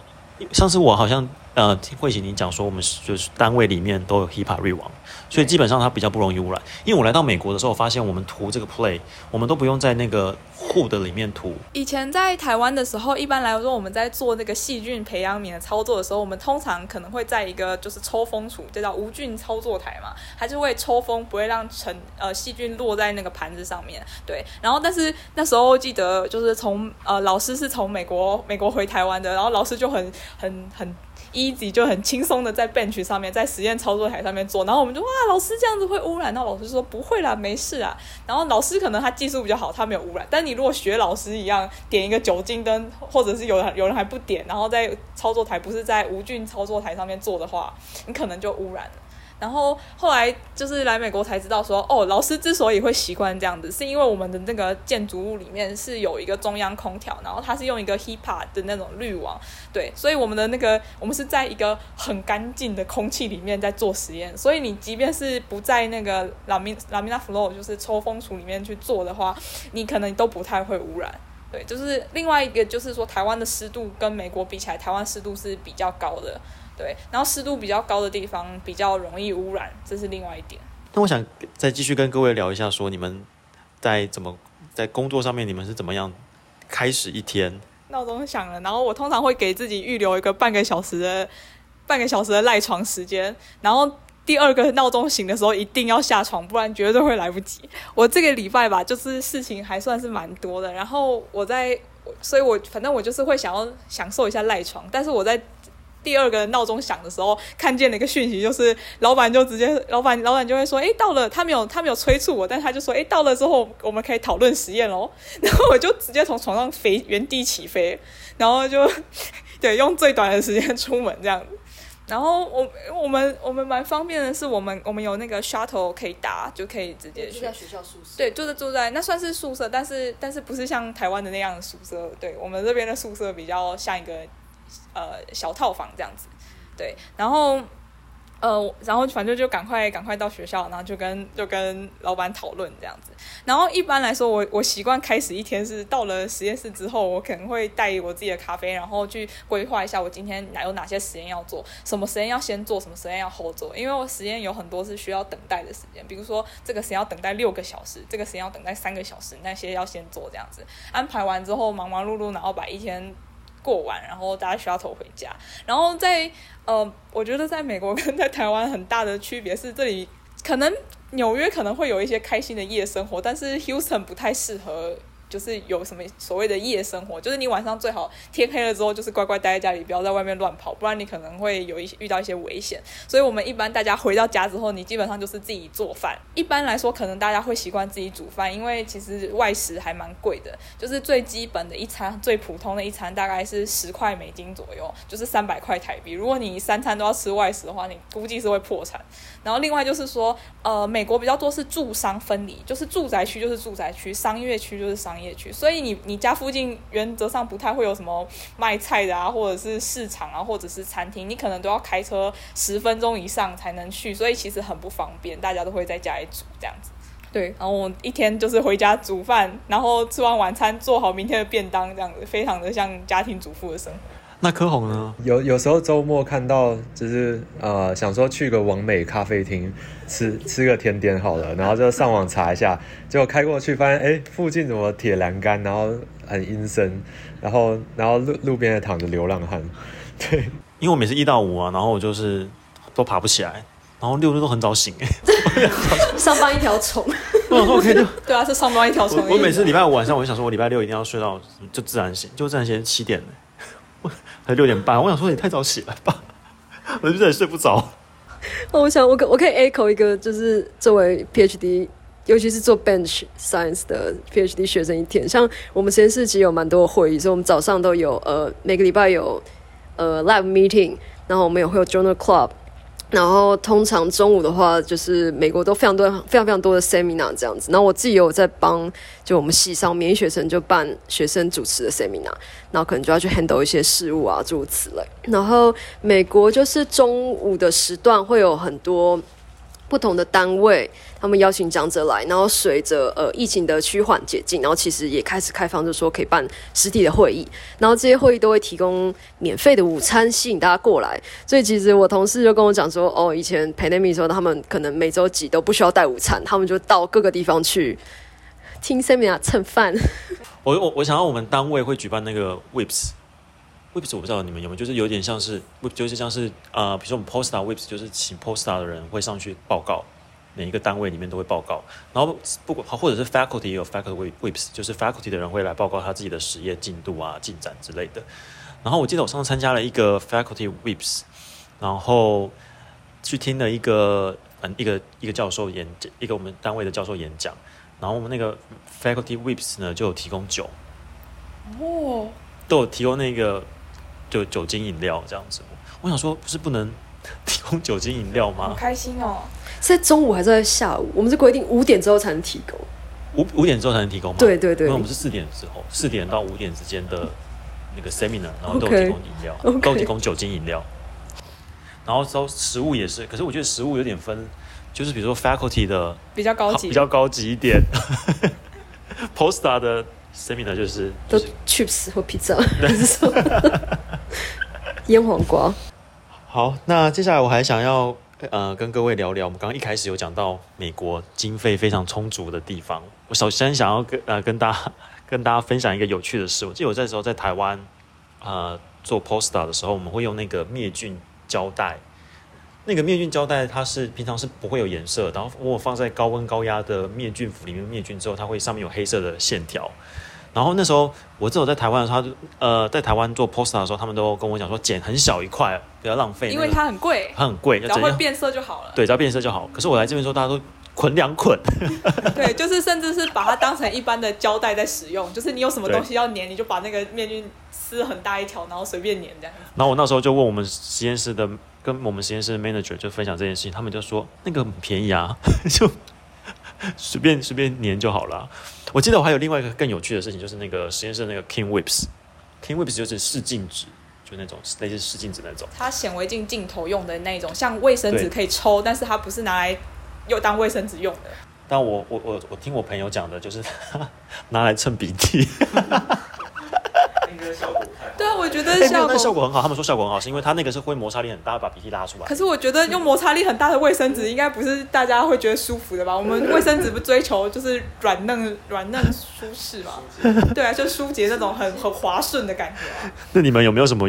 上次我好像，呃，聽惠棋，你講說我們就是單位裡面都有 HEPA 濾網，所以基本上它比較不容易污染。對因為我來到美國的時候，我發現我們塗這個 plate，我們都不用在那個 hood 裡面塗。以前在台灣的時候，一般來說我們在做那個細菌培養皿的操作的時候，我們通常可能會在一個就是抽風處，這叫無菌操作台嘛，它就會抽風，不會讓塵呃細菌落在那個盤子上面。對，然後但是那時候記得就是從呃老師是從美國美國回台灣的，然後老師就很很很。很 easy 就很輕鬆的在 bench 上面，在實驗操作台上面做，然後我們就哇，老師這樣子會污染。到，老師說不會啦，沒事啊。然後老師可能他技術比較好，他沒有污染。但你如果學老師一樣點一個酒精燈，或者是有人有人還不點，然後在操作台不是在無菌操作台上面做的話，你可能就污染了。然後後來就是來美國才知道說，哦，老師之所以會習慣這樣子，是因為我們的那個建築物裡面是有一個中央空調，然後它是用一個 HEPA 的那種濾網，對，所以我們的那個我們是在一個很乾淨的空氣裡面在做實驗，所以你即便是不在那個 lamina lamina flow 就是抽風櫥裡面去做的話，你可能都不太會污染，對，就是另外一個就是說台灣的濕度跟美國比起來，台灣濕度是比較高的。對，然後濕度比較高的地方比較容易污染，這是另外一點。那我想再繼續跟各位聊一下，說你們在怎麼在工作上面，你們是怎麼樣開始一天？鬧鐘響了，然後我通常會給自己預留一個半個小時的半個小時的賴床時間，然後第二個鬧鐘醒的時候一定要下床，不然絕對會來不及。我這個禮拜吧，就是事情還算是蠻多的，然後我在，所以我反正我就是會想要享受一下賴床，但是我在。第二個鬧鐘響的時候，看見了一個訊息，就是老闆就直接，老闆老闆就會說，誒，到了，他沒有他沒有催促我，但他就說，誒，到了之後我們可以討論實驗咯。然後我就直接從床上飛，原地起飛，然後就，對，用最短的時間出門這樣。然後我我們我們蠻方便的是，我們我們有那個 shuttle 可以打，就可以直接去到學校宿舍。對，就是住在，那算是宿舍，但是但是不是像台灣的那樣的宿舍，對，我們這邊的宿舍比較像一個。呃，小套房這樣子，對，然後，呃，然後反正就趕快趕快到學校，然後就跟就跟老闆討論這樣子。然後一般來說，我我習慣開始一天是到了實驗室之後，我可能會帶我自己的咖啡，然後去規劃一下我今天哪有哪些實驗要做，什麼實驗要先做，什麼實驗要後做，因為我實驗有很多是需要等待的時間，比如說這個實驗要等待六個小時，這個實驗要等待三個小時，那些要先做這樣子。安排完之後，忙忙碌碌，然後把一天。過完，然後大家需要走回家。然後在呃，我覺得在美國跟在台灣很大的區別是，這裡可能紐約可能會有一些開心的夜生活，但是 Houston 不太適合。就是有什麼所謂的夜生活，就是你晚上最好天黑了之後，就是乖乖待在家裡，不要在外面亂跑，不然你可能會有一些遇到一些危險。所以，我們一般大家回到家之後，你基本上就是自己做飯。一般來說，可能大家會習慣自己煮飯，因為其實外食還蠻貴的，就是最基本的一餐，最普通的一餐大概是十塊美金左右，就是三百塊台幣。如果你三餐都要吃外食的話，你估計是會破產。然後，另外就是說，呃，美國比較多是住商分離，就是住宅區就是住宅區，商業區就是商業。所以你你家附近原則上不太會有什麼賣菜的啊，或者是市場啊，或者是餐廳，你可能都要開車十分鐘以上才能去，所以其實很不方便，大家都會在家裡煮這樣子。對，然後我一天就是回家煮飯，然後吃完晚餐做好明天的便當，這樣子非常的像家庭主婦的生活。那科宏呢？有有時候周末看到，就是呃，想說去個網美咖啡廳吃吃個甜點好了，然後就上網查一下，結果開過去發現，哎、欸，附近怎麼鐵欄杆，然後很陰森，然後然後,然後路路邊還躺着流浪漢，對，因為我每次一到五啊，然後我就是都爬不起來，然後六日都很早醒、欸， 上班一條蟲、 OK，對啊，是上班一條蟲。我每次禮拜五晚上我就想說，我禮拜六一定要睡到就自然醒，就自然醒七點。才六點半，我想說你太早起來吧，我就有點睡不着。我想我可我可以 echo 一個，就是作為 PhD，尤其是做 bench science 的 PhD 學生，一天像我們實驗室其實有蠻多會議，所以我們早上都有呃每個禮拜有呃 live meeting，然後我們也會有 journal club。然後通常中午的話，就是美國都非常多，非常非常多的 seminar 這樣子。然後我自己有在幫，就我們系上免疫學生就辦學生主持的 seminar，然後可能就要去 handle 一些事務啊，諸如此類。然後美國就是中午的時段會有很多，不同的單位，他們邀請講者來，然後隨着呃疫情的趨緩解禁，然後其實也開始開放，就說可以辦實體的會議，然後這些會議都會提供免費的午餐，吸引大家過來。所以其實我同事就跟我講說，哦，以前 pandemic 時候，他們可能每周幾都不需要帶午餐，他們就到各個地方去聽 seminar 蹭飯。我我我想要我們單位會舉辦那個 whips。whips 我不知道你們有沒有，就是有點像是 whips，就是像是啊、呃，比如說我們 postdoc whips，就是請 postdoc 的人會上去報告，每一個單位裡面都會報告。然後不管或者是 faculty 也有 faculty whips，就是 faculty 的人會來報告他自己的實驗進度啊、進展之類的。然後我記得我上次參加了一個 faculty whips，然後去聽了一個嗯一個一個教授演講，一個我們單位的教授演講。然後我們那個 faculty whips 呢就有提供酒，哦，都有提供那個。就酒精飲料這樣子，我想說不是不能提供酒精飲料嗎？開心哦！是在中午還是在下午？我們是規定五點之後才能提供，五五點之後才能提供嗎？對對對，因為我們是四點之後，四點到五點之間的那個 seminar，然後都有提供飲料，Okay. 都提供酒精飲料。Okay. 然後說食物也是，可是我覺得食物有點分，就是比如說 faculty 的比較高級，比較高級一點。Postdoc 的 seminar 就是、就是、都 chips 或 pizza，對 醃黃瓜，好。那接下來我還想要呃跟各位聊聊，我們剛剛一開始有講到美國經費非常充足的地方。我首先想要跟呃跟大家跟大家分享一個有趣的事。我記得我那時候在台灣呃做 poster 的時候，我們會用那個滅菌膠帶。那個滅菌膠帶它是平常是不會有顏色的，然後如果放在高溫高壓的滅菌釜裡面滅菌之後，它會上面有黑色的線條。然後那時候我在我在台灣的時候，他就呃，在台灣做 poster 的時候，他們都跟我講說剪很小一塊，不要浪費、那個，因為它很貴，它很貴，只要會變色就好了，對，只要變色就好。嗯、可是我來這邊說，大家都捆兩捆， 對，就是甚至是把它當成一般的膠帶在使用，就是你有什麼東西要粘，對你就把那個面具撕很大一條，然後隨便粘這樣。然後我那時候就問我們實驗室的，跟我們實驗室 manager 就分享這件事情，他們就說那個很便宜啊，就隨便隨便粘就好了。我記得我還有另外一個更有趣的事情，就是那個實驗室那個 Kimwipes，Kimwipes 就是試鏡紙，就是、那種類似試鏡紙那種，它顯微鏡鏡頭用的那種，像衛生紙對可以抽，但是它不是拿來又當衛生紙用的。但我我我我聽我朋友講的，就是拿來蹭鼻涕。 效果對啊，我覺得效果，欸那個、效果很好。他們說效果很好，是因為他那個是會摩擦力很大，把鼻涕拉出來。可是我覺得用摩擦力很大的衛生紙，應該不是大家會覺得舒服的吧？我們衛生紙不追求就是軟嫩、軟 嫩舒吧、舒適嘛？對啊，就舒潔那種很很滑順的感覺、啊。 那你們有沒有什麼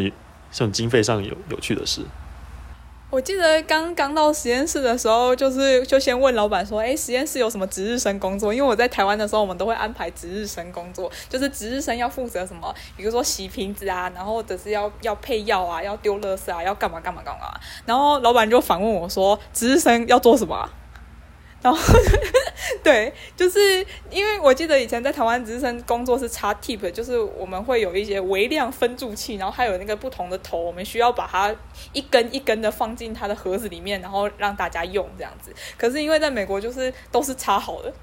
像經費上有有趣的事？我記得剛剛到實驗室的時候，就是就先問老闆說：“哎、欸，實驗室有什麼值日生工作？”因為我在台灣的時候，我們都會安排值日生工作，就是值日生要負責什麼，比如說洗瓶子啊，然後或者是要要配藥啊，要丟垃圾啊，要幹嘛幹嘛幹嘛。然後老闆就反問我說：“值日生要做什麼、啊？”然後。 對，就是因為我記得以前在台灣直升工作是插 tip，就是我們會有一些微量分注器，然後還有那個不同的頭，我們需要把它一根一根的放進它的盒子裡面，然後讓大家用這樣子。可是因為在美國，就是都是插好的。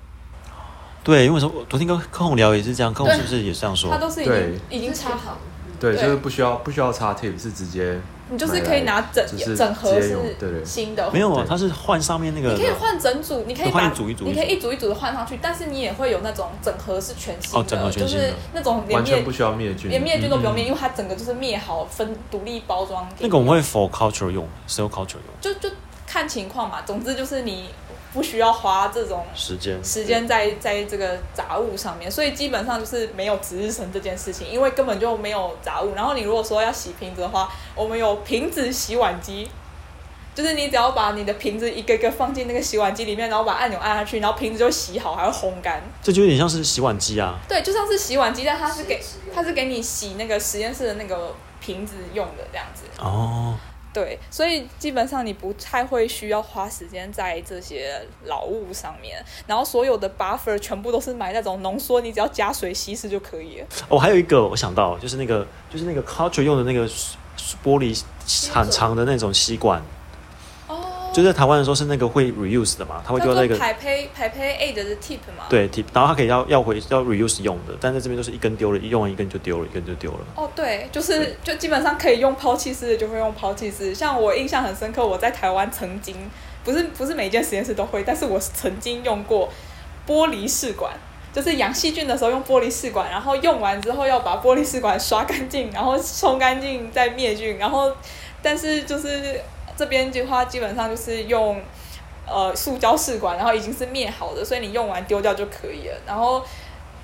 對，因為什麼？昨天跟科宏聊也是這樣，科宏是不是也這樣說？它都是已經,對已經插好。對，對就是不需要不需要插 tip，是直接。你就是可以拿整、就是、整盒是新的，對對對，沒有，它是換上面那個。你可以換整組，對你可以換一,一組一組，你可以一組一組的換上去，但是你也會有那種整盒是全新的，就是那種連完全不需要滅菌，連滅菌都不用滅，嗯嗯因為它整個就是滅好分，獨立包裝。那個我們會 for culture 用，cell culture 用，就就看情況嘛，總之就是你。不需要花這種時間、時間在在這個雜物上面，所以基本上就是沒有值日生這件事情，因為根本就沒有雜物。然後你如果說要洗瓶子的話，我們有瓶子洗碗機，就是你只要把你的瓶子一個一個放進那個洗碗機裡面，然後把按鈕按下去，然後瓶子就洗好，還會烘乾。這就有點像是洗碗機啊。對，就像是洗碗機，但它是給它是給你洗那個實驗室的那個瓶子用的這樣子。哦。對，所以基本上你不太會需要花時間在這些老物上面，然後所有的 buffer 全部都是買那種濃縮，你只要加水稀釋就可以了。我、哦、還有一個我想到，就是那個就是那個 culture 用的那個玻璃很長的那種吸管。就在台灣的時候是那個會 reuse 的嘛，它會丟在一個 pipette pipette aid 的,的 tip 嘛？對 tip，然後它可以要要回要 reuse 用的，但在這邊都是一根丟了，一用完一根就丟了，一根就丟了。哦，oh, 對，就是對就基本上可以用拋棄式的就會用拋棄式。像我印象很深刻，我在台灣曾經不是不是每間實驗室都會，但是我曾經用過玻璃試管，就是養細菌的時候用玻璃試管，然後用完之後要把玻璃試管刷乾淨，然後沖乾淨再滅菌，然後但是就是。這邊的話基本上就是用呃塑膠試管，然後已經是滅好的，所以你用完丟掉就可以了。然後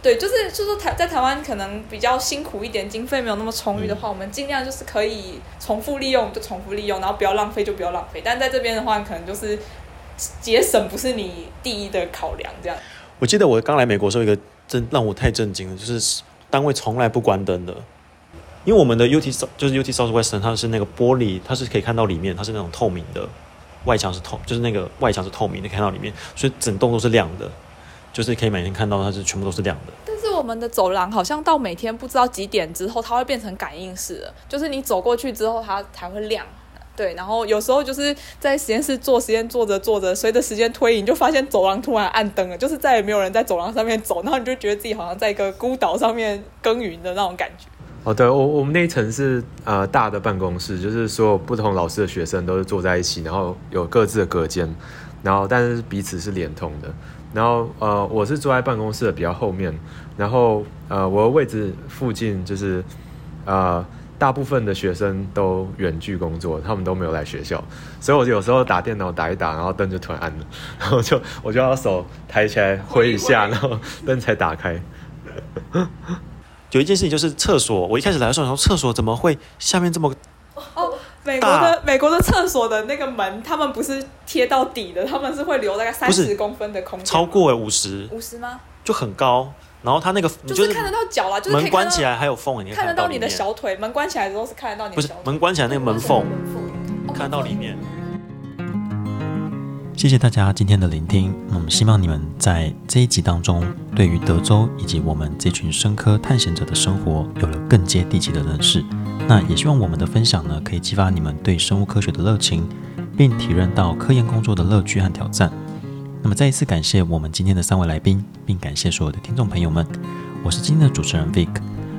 對，就是就是台在台灣可能比較辛苦一點，經費沒有那麼充裕的話，嗯、我們盡量就是可以重複利用就重複利用，然後不要浪費就不要浪費。但在這邊的話，可能就是節省不是你第一的考量，這樣。我記得我剛來美國的時候，一個真讓我太震驚了，就是單位從來不關燈的。因為我們的 U T South 就是 U T Southwestern，它是那個玻璃，它是可以看到裡面，它是那種透明的，外牆是透，就是那個外牆是透明的，看到裡面，所以整棟都是亮的，就是可以每天看到，它是全部都是亮的。但是我們的走廊好像到每天不知道幾點之後，它會變成感應式的，就是你走過去之後它才會亮。對，然後有時候就是在實驗室做實驗，做着做着，隨着時間推移，你就發現走廊突然暗燈了，就是再也沒有人在走廊上面走，然後你就覺得自己好像在一個孤島上面耕耘的那種感覺。哦，oh, 對，我我們那一層是呃大的辦公室，就是所有不同老師的學生都是坐在一起，然後有各自的隔間，然後但是彼此是連通的。然後呃我是坐在辦公室的比較後面，然後呃我的位置附近就是呃大部分的學生都遠距工作，他們都沒有來學校，所以我有時候打電腦打一打，然後燈就突然暗了，然後就我就要手抬起來揮一下，然後燈才打開。 有一件事情就是廁所，我一開始來的時候，廁所怎麼會下面這麼。哦，美國的美國的廁所的那個門，他們不是貼到底的，他們是會留大概三十公分的空間。超過哎五十，五十嗎？就很高，然後他那個就是看得到腳啦，就是門關起來還有縫，你看得看得到你的小腿，門關起來的時候是看得到你的小腿，不是門關起來的那個門縫，啊，看得到裡面。Oh 謝謝大家今天的聆聽。那麼希望你們在這一集當中，對於德州以及我們這群生科探險者的生活有了更接地氣的認識。那也希望我們的分享呢，可以激發你們對生物科學的熱情，並體認到科研工作的樂趣和挑戰。那麼再一次感謝我們今天的三位來賓，並感謝所有的聽眾朋友們。我是今天的主持人 Vic。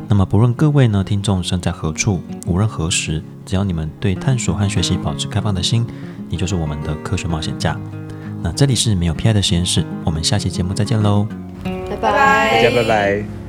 那麼不論各位呢，聽眾身在何處，無論何時，只要你們對探索和學習保持開放的心。你就是我們的科學冒險家。那這裡是沒有 PI 的實驗室，我們下期節目再見嘍！拜拜 bye，大家拜拜。